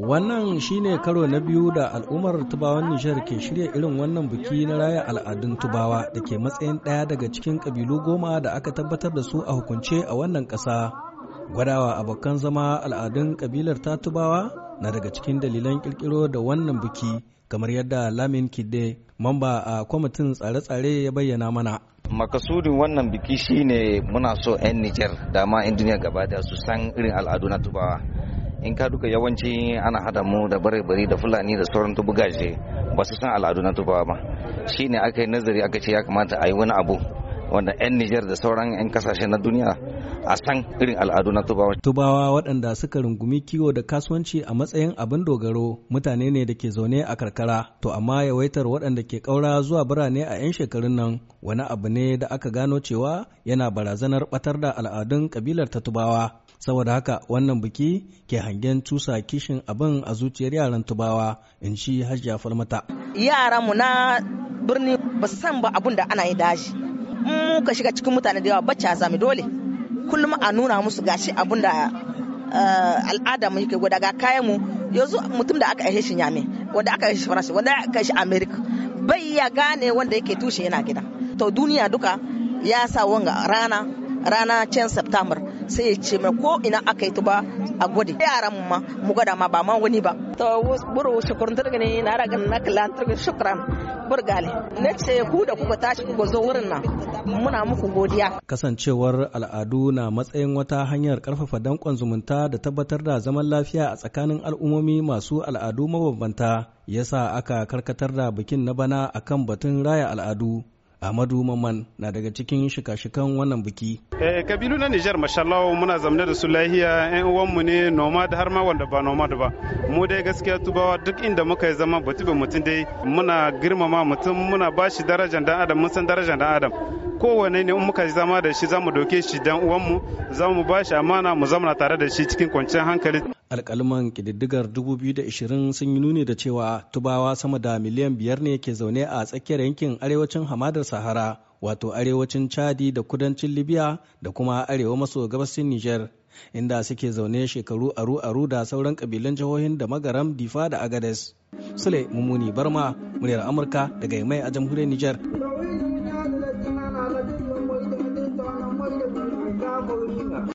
Wannan shi ne karo na biyu da al'ummar tubawan Nijar ke shirya irin wannan biki na raya al'adun tubawa da ke matsayin ɗaya daga cikin ƙabilu goma da aka tabbatar da su a hukunce a wannan ƙasa. Gwadawa abokan zama al'adun ƙabilar ta tubawa na daga cikin dalilan kirkiro da wannan biki kamar yadda lamin kide mamba a kwamitin tsare-tsare ya bayyana mana makasudin wannan biki shine muna so 'yan nijar da ma duniya gaba da su san irin al'adu na tubawa in ka duka yawanci ana hada mu da bare-bare da fulani da sauran tubugaje ba su san al'adu na tubawa ba shine aka yi nazari aka ce ya kamata a yi wani abu wanda 'yan Nijar da sauran 'yan kasashe na duniya a san irin al'adu na Tubawa. Tubawa waɗanda suka rungumi kiwo da kasuwanci a matsayin abin dogaro mutane ne da ke zaune a karkara to amma yawaitar waɗanda ke ƙaura zuwa birane a 'yan shekarun nan wani abu ne da aka gano cewa yana barazanar ɓatar da al'adun kabilar ta Tubawa. saboda haka wannan biki ke hangen cusa kishin abin a zuciyar yaran tubawa in shi hajji falmata yaran mu na birni ba san ba abun da ana yi daji muka shiga cikin mutane da yawa bacci zami dole kullum a nuna musu gashi abun da eh, al'ada mu yake gwada ga kayan mu yanzu mutum da aka aihe shi nyame wanda aka aihe shi faransa wanda aka aihe shi america bai ya gane wanda yake tushe yana gida to duniya duka ya sa wanga rana rana can september sai ya ce mai ko ina aka yi tuba a gwada yaran ma mu gwada ma ba ma wani ba to buru shukurin turgini na raga na kallan turgini shukran burgale na ce ku da kuka tashi ku zo wurin nan muna muku godiya kasancewar al'adu na matsayin wata hanyar karfafa dankon zumunta da tabbatar da zaman lafiya a tsakanin al'ummomi masu al'adu mabambanta yasa aka karkatar da bikin na bana akan batun raya al'adu Ahmadu Maman na daga cikin shika-shikan wannan biki. Eh, kabilu na Nijar mashallah muna zamne da su lahiya yan uwanmu ne noma da har ma wanda ba noma da ba. Mu dai gaskiya tubawa duk inda muka yi zama batube mutum dai muna girmama mutum muna ba shi darajar dan adam mun san darajar dan adam. kowane ne in muka zama da shi zamu doke shi dan uwanmu zamu ba shi amana mu zamana tare da shi cikin kwanciyar hankali alkaliman ƙididdigar 2020 sun yi nuni da cewa tubawa sama da miliyan biyar ne ke zaune a tsakiyar yankin arewacin hamadar sahara wato arewacin chadi da kudancin libya da kuma arewa maso gabasin niger inda suke zaune shekaru aru-aru da sauran kabilan jihohin da magaram difa da agades sule mummuni barma muryar amurka daga mai a jamhuriyar niger